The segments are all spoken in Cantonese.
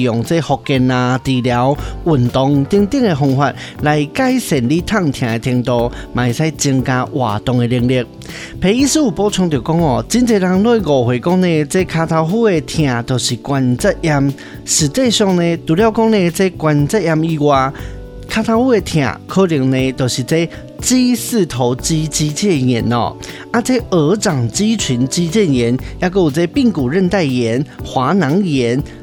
用這復健啊、治療、運動等等嘅方法來改善你疼痛嘅程度，嘛會使增加活動嘅能力。裴醫師有補充就講哦，真儕人咧誤會講呢，這卡頭虎嘅痛就是關節炎。實際上呢，除了講呢，這關節炎以外，卡頭虎嘅痛可能呢，就是這肌四頭肌肌腱炎哦、喔，啊，這鵝掌肌群肌腱炎，也閣有這髕骨韌帶炎、滑囊炎。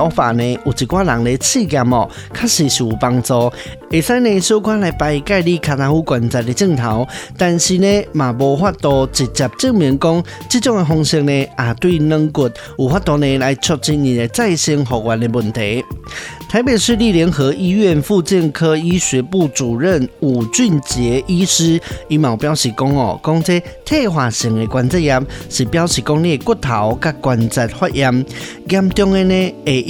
方法呢，有一寡人的試驗哦，確實是有幫助。會使呢，小哥來擺介啲卡丹夫關節的鏡頭，但是呢，嘛無法度直接證明講，這種的方式呢，也、啊、對軟骨有法度呢來促進你的再生復原的問題。台北市立聯合醫院復健科醫學部主任吳俊杰醫師，伊嘛表示、喔：講哦，講啲退化性的關節炎，是表示講你的骨頭甲關節發炎，嚴重嘅呢，誒。